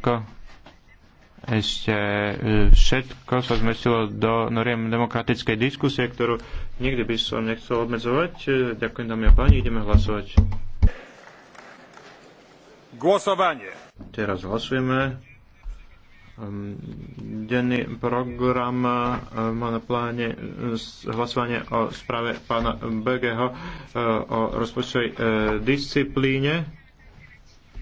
všetko ešte e, všetko sa zmestilo do noriem demokratickej diskusie, ktorú nikdy by som nechcel obmedzovať. E, ďakujem dámy a páni, ideme hlasovať. Głosovanie. Teraz hlasujeme. Ehm, denný program e, má na pláne hlasovanie o správe pána Begeho o rozpočtovej disciplíne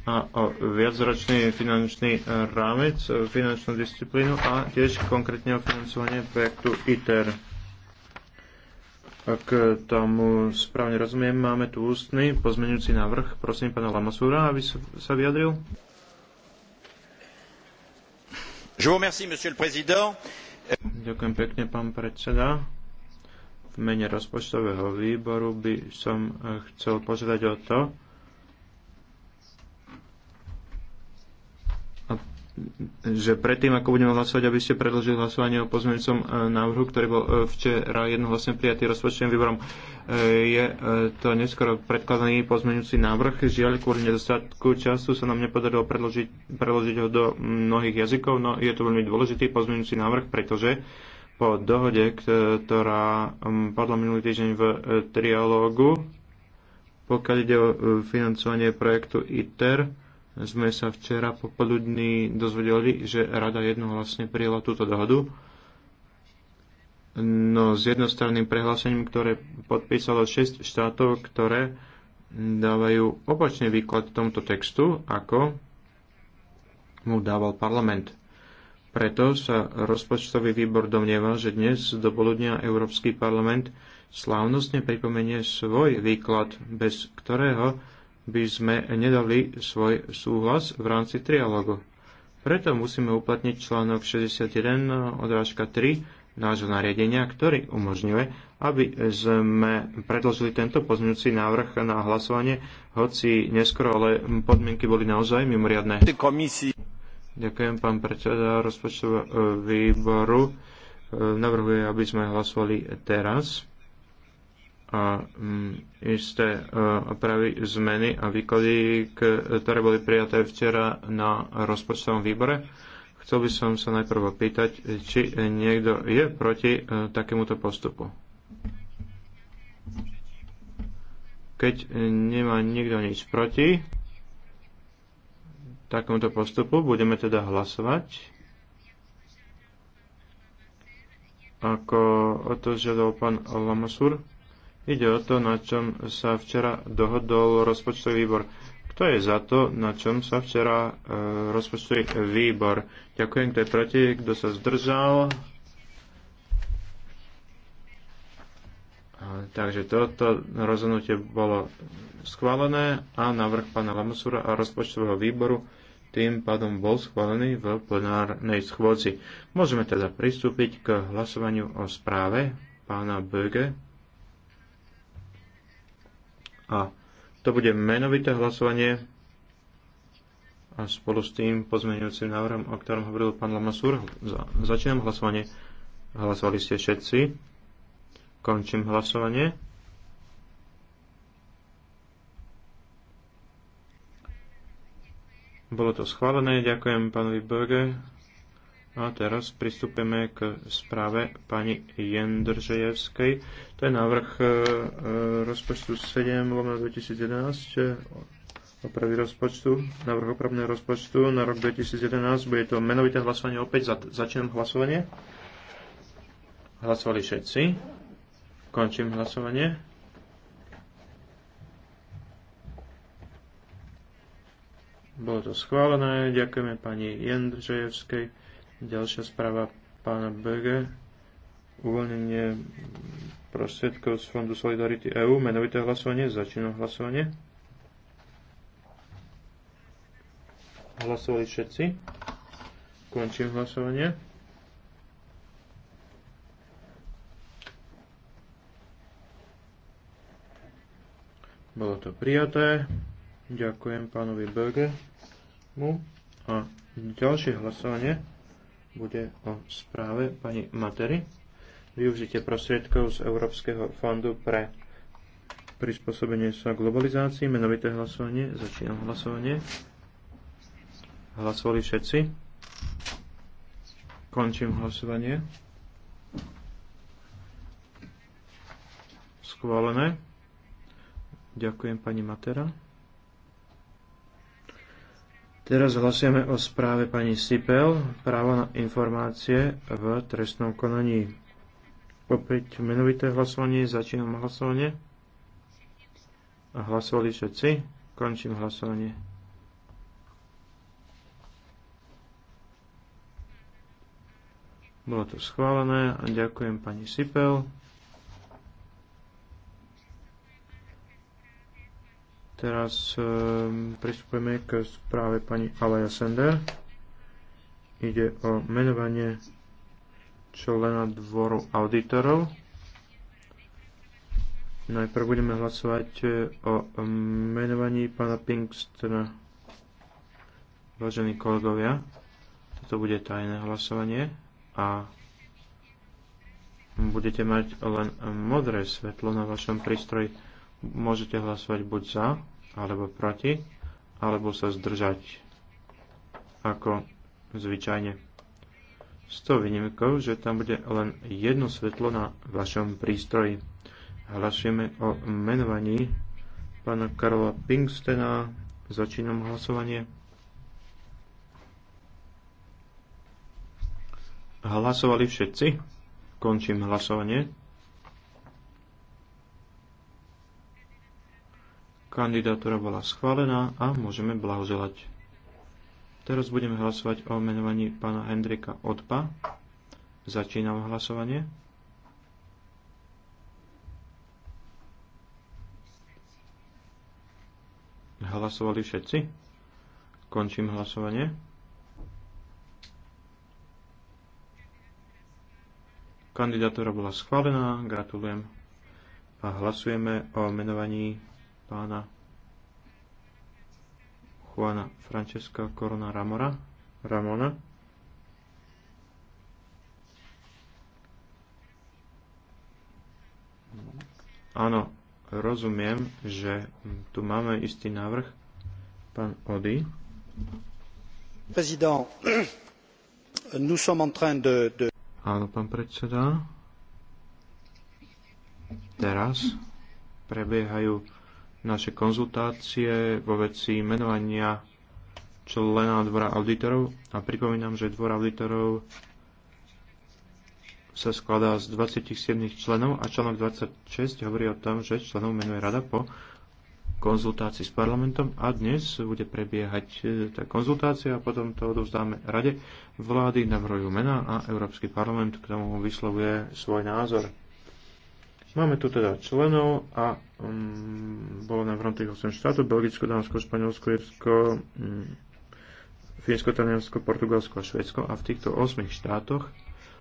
a o viacročný finančný e, rámec, e, finančnú disciplínu a tiež konkrétne o financovanie projektu ITER. Ak tomu správne rozumiem, máme tu ústny pozmeňujúci návrh. Prosím pána Lamasúra, aby sa vyjadril. Je vous remercie, monsieur le président. Ďakujem pekne, pán predseda. V mene rozpočtového výboru by som e, chcel požiadať o to, že predtým, ako budeme hlasovať, aby ste predložili hlasovanie o pozmeňujúcom e, návrhu, ktorý bol e, včera jednohlasne prijatý rozpočtovým výborom, e, je to neskoro predkladaný pozmeňujúci návrh. Žiaľ, kvôli nedostatku času sa nám nepodarilo predložiť, predložiť ho do mnohých jazykov, no je to veľmi dôležitý pozmeňujúci návrh, pretože po dohode, ktorá padla minulý týždeň v trialógu, pokiaľ ide o financovanie projektu ITER, sme sa včera popoludní dozvedeli, že rada jednohlasne prijela túto dohodu. No s jednostranným prehlásením, ktoré podpísalo 6 štátov, ktoré dávajú opačný výklad tomuto textu, ako mu dával parlament. Preto sa rozpočtový výbor domnieva, že dnes do poludnia Európsky parlament slávnostne pripomenie svoj výklad, bez ktorého by sme nedali svoj súhlas v rámci trialogu. Preto musíme uplatniť článok 61 odrážka 3 nášho nariadenia, ktorý umožňuje, aby sme predložili tento pozmeňujúci návrh na hlasovanie, hoci neskoro, ale podmienky boli naozaj mimoriadné. Ďakujem, pán predseda rozpočtového výboru. Navrhuje, aby sme hlasovali teraz a mm, isté e, opravy, zmeny a výklady, ktoré boli prijaté včera na rozpočtovom výbore. Chcel by som sa najprv opýtať, či niekto je proti e, takémuto postupu. Keď nemá nikto nič proti takémuto postupu, budeme teda hlasovať. Ako o to žiadal pán Lamasur. Ide o to, na čom sa včera dohodol rozpočtový výbor. Kto je za to, na čom sa včera e, rozpočtový výbor? Ďakujem, kto je proti, kto sa zdržal. Takže toto rozhodnutie bolo schválené a návrh pána Lamusura a rozpočtového výboru tým pádom bol schválený v plenárnej schôdzi. Môžeme teda pristúpiť k hlasovaniu o správe pána Böge. A to bude menovité hlasovanie a spolu s tým pozmeňujúcim návrhom, o ktorom hovoril pán Lamasúr. Začínam hlasovanie. Hlasovali ste všetci. Končím hlasovanie. Bolo to schválené. Ďakujem pánovi Berger. No a teraz pristúpime k správe pani Jendržejevskej. To je návrh e, e, rozpočtu 7 2011 opravy rozpočtu, návrh opravného rozpočtu na rok 2011. Bude to menovité hlasovanie opäť. Začnem hlasovanie. Hlasovali všetci. Končím hlasovanie. Bolo to schválené. Ďakujeme pani Jendržejevskej. Ďalšia správa pána Böge. Uvoľnenie prostriedkov z Fondu Solidarity EU. Menovité hlasovanie. Začínam hlasovanie. Hlasovali všetci. Končím hlasovanie. Bolo to prijaté. Ďakujem pánovi Berge. A ďalšie hlasovanie bude o správe pani Matery. Využite prostriedkov z Európskeho fondu pre prispôsobenie sa globalizácii, menovité hlasovanie, začínam hlasovanie. Hlasovali všetci. Končím hlasovanie. Schválené. Ďakujem pani Matera. Teraz hlasujeme o správe pani Sipel, právo na informácie v trestnom konaní. Opäť menovité hlasovanie, začínam hlasovanie. Hlasovali všetci, končím hlasovanie. Bolo to schválené a ďakujem pani Sipel. Teraz um, ehm, pristupujeme k správe pani Alaja Sender. Ide o menovanie člena dvoru auditorov. Najprv budeme hlasovať e, o ehm, menovaní pána Pinkstona. Vážení kolegovia, toto bude tajné hlasovanie a budete mať len modré svetlo na vašom prístroji. Môžete hlasovať buď za, alebo proti, alebo sa zdržať ako zvyčajne. S tou výnimkou, že tam bude len jedno svetlo na vašom prístroji. Hlasujeme o menovaní pána Karola Pinkstena. Začínam hlasovanie. Hlasovali všetci? Končím hlasovanie. Kandidatúra bola schválená a môžeme blahoželať. Teraz budeme hlasovať o menovaní pána Hendrika Odpa. Začínam hlasovanie. Hlasovali všetci? Končím hlasovanie. Kandidatúra bola schválená, gratulujem. A hlasujeme o menovaní pána Juana Francesca Corona Ramora, Ramona. Áno, rozumiem, že tu máme istý návrh. Pán Odi. Prezident, nous sommes en train de, de... Áno, pán predseda. Teraz prebiehajú naše konzultácie vo veci menovania člena dvora auditorov a pripomínam, že dvor auditorov sa skladá z 27 členov a článok 26 hovorí o tom, že členov menuje rada po konzultácii s parlamentom a dnes bude prebiehať e, tá konzultácia a potom to odovzdáme rade. Vlády navrhujú mena a Európsky parlament k tomu vyslovuje svoj názor. Máme tu teda členov a um, bolo nám v rámci 8 štátov, Belgicko, Dánsko, Španielsko, Irsko, um, Fínsko, Taliansko, Portugalsko a Švedsko a v týchto 8 štátoch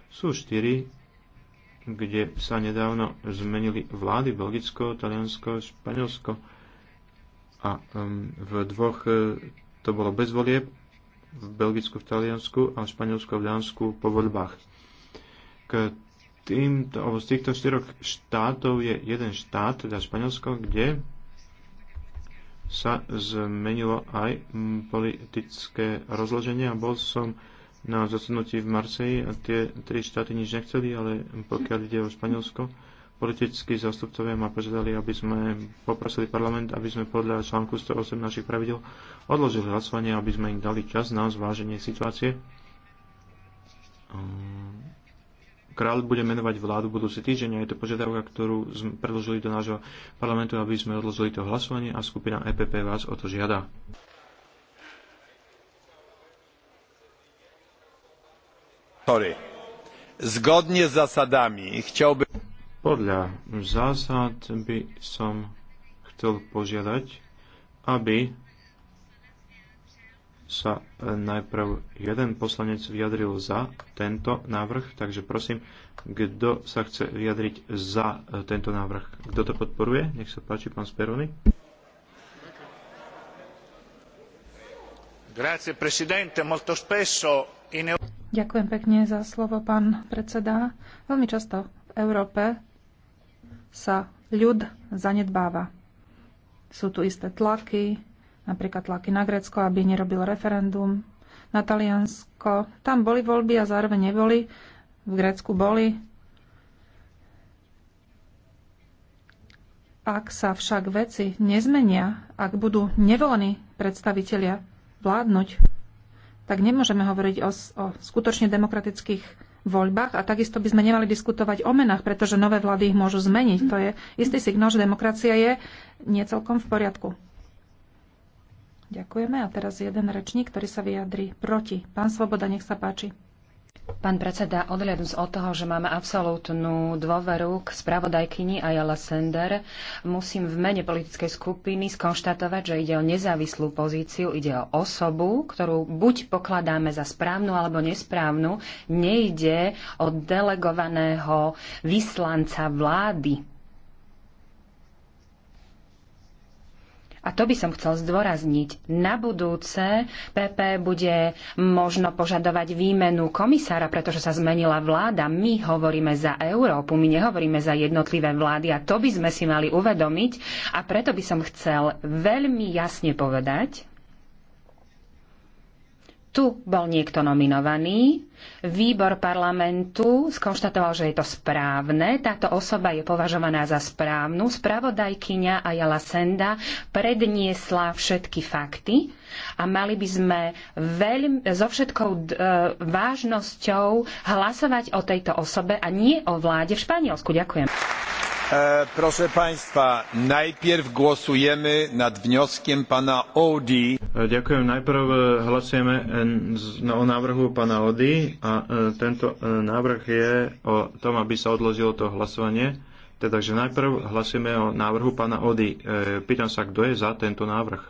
sú 4, kde sa nedávno zmenili vlády Belgicko, Taliansko, Španielsko a um, v dvoch uh, to bolo bez volieb, v Belgicku, v Taliansku a v Španielsku a v Dánsku po voľbách. K týmto, alebo z týchto štyroch štátov je jeden štát, teda Španielsko, kde sa zmenilo aj mm, politické rozloženie a bol som na zasadnutí v Marseji a tie tri štáty nič nechceli, ale pokiaľ ide o Španielsko, politickí zastupcovia ma požiadali, aby sme poprosili parlament, aby sme podľa článku 108 našich pravidel odložili hlasovanie, aby sme im dali čas na zváženie situácie ehm, Kráľ bude menovať vládu budúci týždeň a je to požiadavka, ktorú sme predložili do nášho parlamentu, aby sme odložili to hlasovanie a skupina EPP vás o to žiada. Sorry. Zgodnie z zasadami chciałbym... Podľa zásad by som chcel požiadať, aby sa e, najprv jeden poslanec vyjadril za tento návrh, takže prosím, kto sa chce vyjadriť za e, tento návrh? Kto to podporuje? Nech sa páči, pán Speroni. Ďakujem pekne za slovo, pán predseda. Veľmi často v Európe sa ľud zanedbáva. Sú tu isté tlaky, napríklad tlaky na Grécko, aby nerobil referendum, na Taliansko. Tam boli voľby a zároveň neboli. V Grécku boli. Ak sa však veci nezmenia, ak budú nevolení predstavitelia vládnuť, tak nemôžeme hovoriť o, o skutočne demokratických voľbách a takisto by sme nemali diskutovať o menách, pretože nové vlády ich môžu zmeniť. To je istý signál, že demokracia je niecelkom v poriadku. Ďakujeme. A teraz jeden rečník, ktorý sa vyjadri proti. Pán Svoboda, nech sa páči. Pán predseda, odhľadnúť od toho, že máme absolútnu dôveru k spravodajkyni Ayala Sender, musím v mene politickej skupiny skonštatovať, že ide o nezávislú pozíciu, ide o osobu, ktorú buď pokladáme za správnu alebo nesprávnu, nejde o delegovaného vyslanca vlády a to by som chcel zdôrazniť, na budúce PP bude možno požadovať výmenu komisára, pretože sa zmenila vláda. My hovoríme za Európu, my nehovoríme za jednotlivé vlády a to by sme si mali uvedomiť a preto by som chcel veľmi jasne povedať, tu bol niekto nominovaný, výbor parlamentu skonštatoval, že je to správne, táto osoba je považovaná za správnu, spravodajkyňa Ajala Senda predniesla všetky fakty a mali by sme veľmi, so všetkou e, vážnosťou hlasovať o tejto osobe a nie o vláde v Španielsku. Ďakujem. E, proszę Państwa, najpierw głosujemy nad wnioskiem pana Odi. E, ďakujem. Najprv e, hlasujeme e, no, o návrhu pana Ody a tento návrh je o tom, aby sa odložilo to hlasovanie. Teda, že najprv hlasujeme o návrhu pána Ody. Pýtam sa, kto je za tento návrh?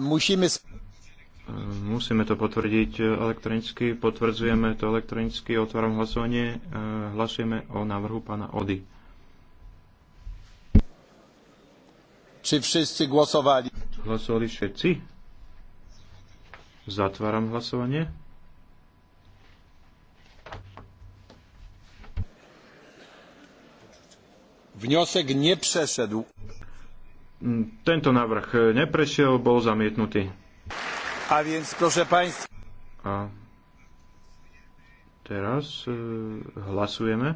musíme... Musíme to potvrdiť elektronicky. Potvrdzujeme to elektronicky. Otváram hlasovanie. Hlasujeme o návrhu pána Ody. Czy wszyscy głosowali? Głosowali wszyscy. Zatwaram głosowanie. Wniosek nie przeszedł. Mm, tento návrh neprešiel, bol zamietnutý. A więc, proszę państwa... A teraz e, hlasujeme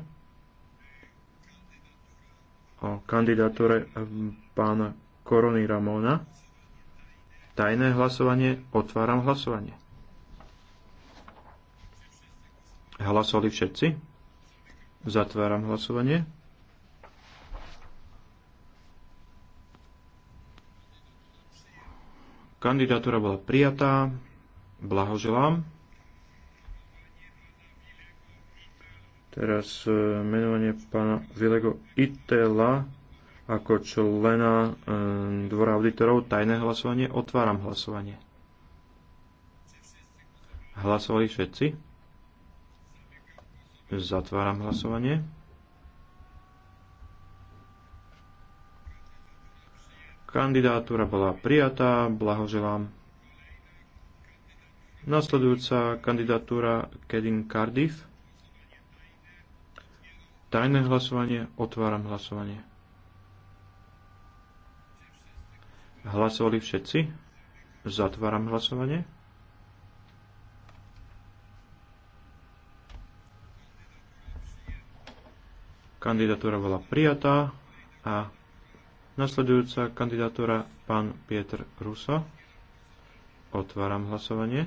o kandidatúre ehm, pána Korony Ramona. Tajné hlasovanie. Otváram hlasovanie. Hlasovali všetci? Zatváram hlasovanie. Kandidatúra bola prijatá. Blahoželám. Teraz e, menovanie pána Vilego Itela ako člena e, dvora auditorov. Tajné hlasovanie. Otváram hlasovanie. Hlasovali všetci? Zatváram hlasovanie. Kandidátura bola prijatá. Blahoželám. Nasledujúca kandidatúra Kedin Cardiff. Tajné hlasovanie. Otváram hlasovanie. Hlasovali všetci? Zatváram hlasovanie. Kandidatúra bola prijatá a nasledujúca kandidatúra pán Pieter Ruso. Otváram hlasovanie.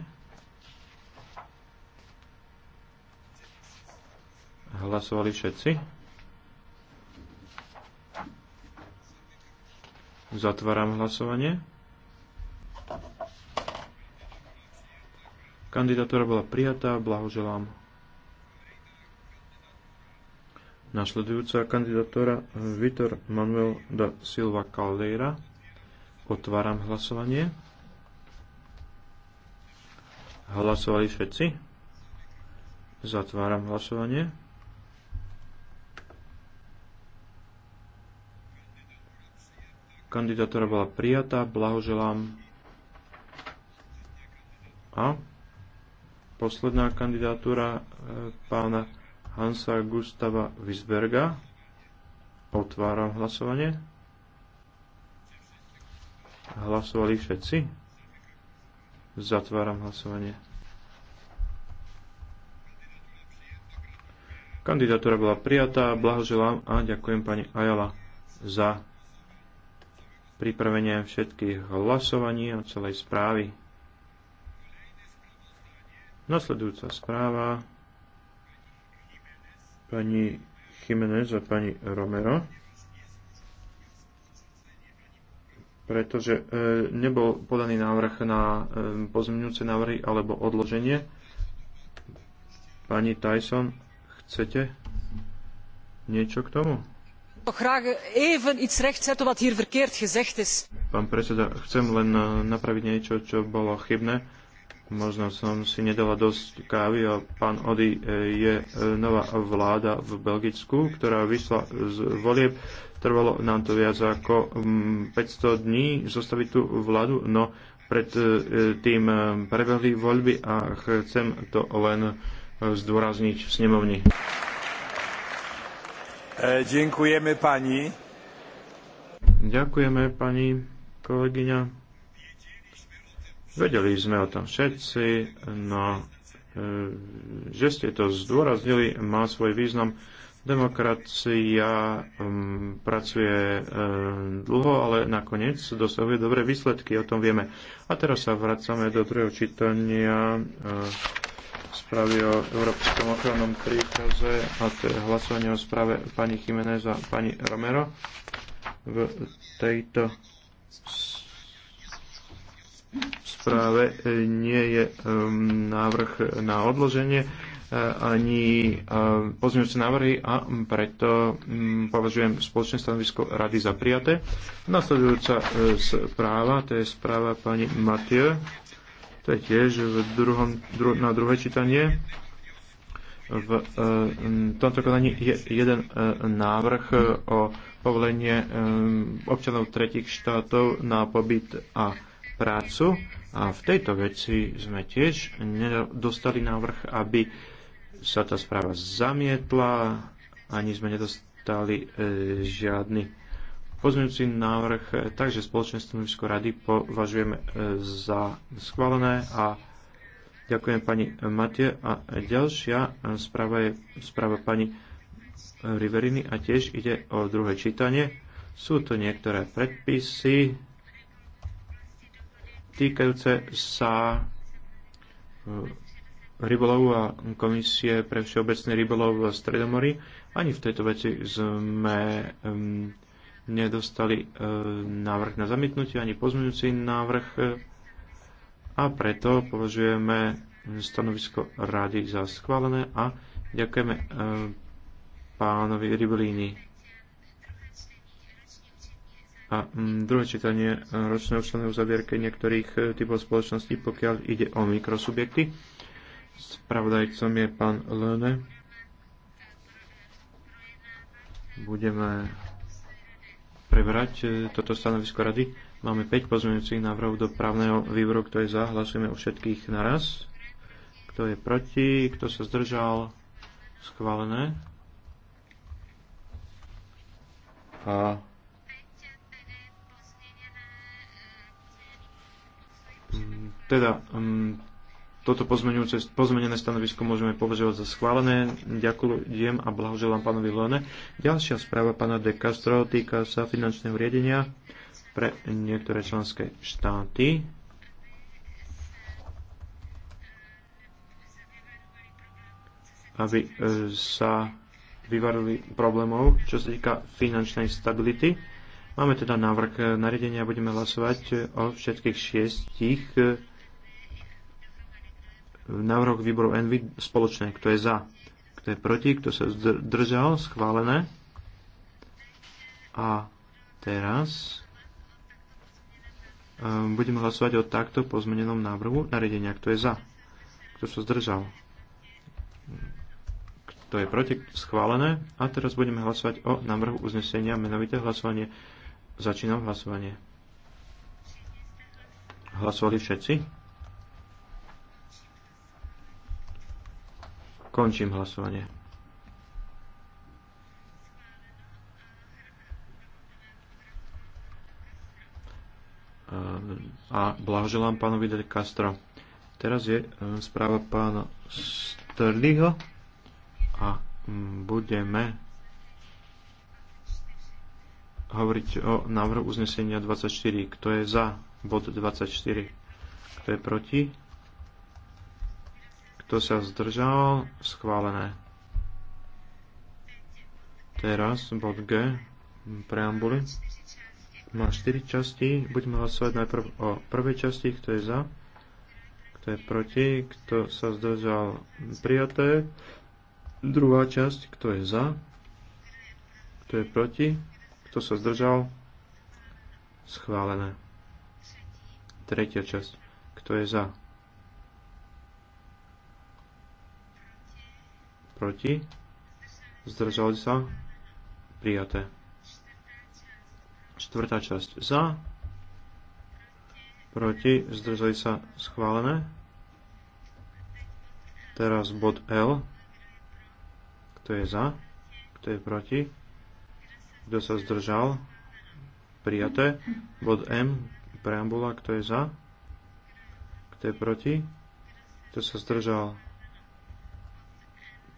Hlasovali všetci? Zatváram hlasovanie. Kandidatúra bola prijatá, blahoželám. Nasledujúca kandidatúra Vitor Manuel da Silva Caldeira. Otváram hlasovanie. Hlasovali všetci? Zatváram hlasovanie. kandidatúra bola prijatá. Blahoželám. A posledná kandidatúra e, pána Hansa Gustava Wisberga. Otváram hlasovanie. Hlasovali všetci. Zatváram hlasovanie. Kandidatúra bola prijatá. Blahoželám a ďakujem pani Ajala za pripravenie všetkých hlasovaní o celej správy. Nasledujúca správa pani Jiménez a pani Romero, pretože e, nebol podaný návrh na e, pozmeňujúce návrhy alebo odloženie. Pani Tyson, chcete niečo k tomu? Pán predseda, chcem len eh, napraviť niečo, čo bolo chybné. Možno som si nedala dosť kávy a pán Ody eh, je eh, nová vláda v Belgicku, ktorá vyšla z volieb. Trvalo nám to viac ako 500 mm, dní zostaviť tú vládu, no pred tým prebehli voľby a chcem to len zdôrazniť v snemovni. Ďakujeme e, pani. Ďakujeme pani kolegyňa. Vedeli sme o tom všetci, no e, že ste to zdôraznili, má svoj význam. Demokracia um, pracuje um, dlho, ale nakoniec dosahuje dobré výsledky, o tom vieme. A teraz sa vracame do druhého čítania. Uh, správy o Európskom ochrannom príkaze a to je hlasovanie o správe pani Jiménez a pani Romero. V tejto správe nie je um, návrh na odloženie uh, ani uh, pozmeňujúce návrhy a preto um, považujem spoločné stanovisko rady za prijaté. Nasledujúca uh, správa, to je správa pani Mathieu. To je tiež v druhom, dru, na druhé čítanie. V uh, tomto konaní je jeden uh, návrh e, o povolenie um, občanov tretich štátov na pobyt a prácu. A v tejto veci sme tiež nedostali návrh, aby sa tá správa zamietla, ani sme nedostali uh, žiadny pozmeňujúci návrh, e, takže spoločné stanovisko rady považujeme e, za schválené a ďakujem pani Matie. A ďalšia e, správa je správa pani Riveriny a tiež ide o druhé čítanie. Sú to niektoré predpisy týkajúce sa rybolovu a komisie pre všeobecný rybolov v Stredomori. Ani v tejto veci sme um, nedostali e, návrh na zamietnutie ani pozmeňujúci návrh e, a preto považujeme stanovisko rady za schválené a ďakujeme e, pánovi Ribelíni. A druhé čítanie ročného členov uzavierky niektorých typov spoločností, pokiaľ ide o mikrosubjekty. Spravodajcom je pán Lene. Budeme prebrať e, toto stanovisko rady. Máme 5 pozmeňujúcich návrhov do právneho výboru, kto je za, hlasujeme o všetkých naraz. Kto je proti, kto sa zdržal, schválené. A teda toto pozmenené stanovisko môžeme považovať za schválené. Ďakujem a blahoželám pánovi Lone. Ďalšia správa pána De Castro týka sa finančného riadenia pre niektoré členské štáty. aby e, sa vyvarili problémov, čo sa týka finančnej stability. Máme teda návrh nariadenia, budeme hlasovať o všetkých šiestich e, návrh výboru Envy spoločne. Kto je za? Kto je proti? Kto sa zdržal? Schválené. A teraz ehm, budeme hlasovať o takto pozmenenom návrhu nariadenia. Kto je za? Kto sa zdržal? Kto je proti? Schválené. A teraz budeme hlasovať o návrhu uznesenia menovité hlasovanie. Začínam hlasovanie. Hlasovali všetci? Končím hlasovanie. Ehm, a blahoželám pánovi de Castro. Teraz je ehm, správa pána Strliho a mm, budeme hovoriť o návrhu uznesenia 24. Kto je za bod 24? Kto je proti? Kto sa zdržal? Schválené. Teraz bod G preambuly. Má 4 časti. Budeme hlasovať najprv o prvej časti, kto je za, kto je proti, kto sa zdržal prijaté. Druhá časť, kto je za, kto je proti, kto sa zdržal schválené. Tretia časť, kto je za, proti, zdržali sa, prijaté. Štvrtá časť za, proti, zdržali sa, schválené. Teraz bod L, kto je za, kto je proti, kto sa zdržal, prijaté. Bod M, preambula, kto je za, kto je proti, kto sa zdržal, prijaté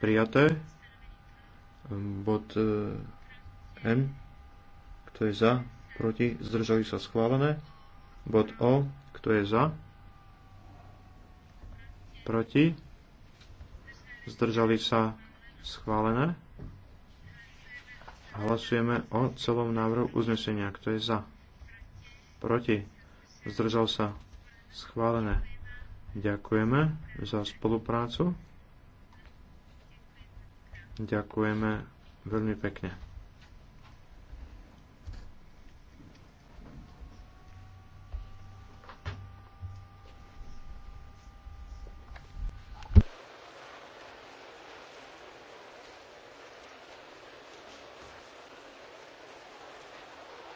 prijaté. Bod eh, M, kto je za, proti, zdržali sa schválené. Bod O, kto je za, proti, zdržali sa schválené. Hlasujeme o celom návrhu uznesenia. Kto je za? Proti? Zdržal sa? Schválené. Ďakujeme za spoluprácu. Ďakujeme veľmi pekne.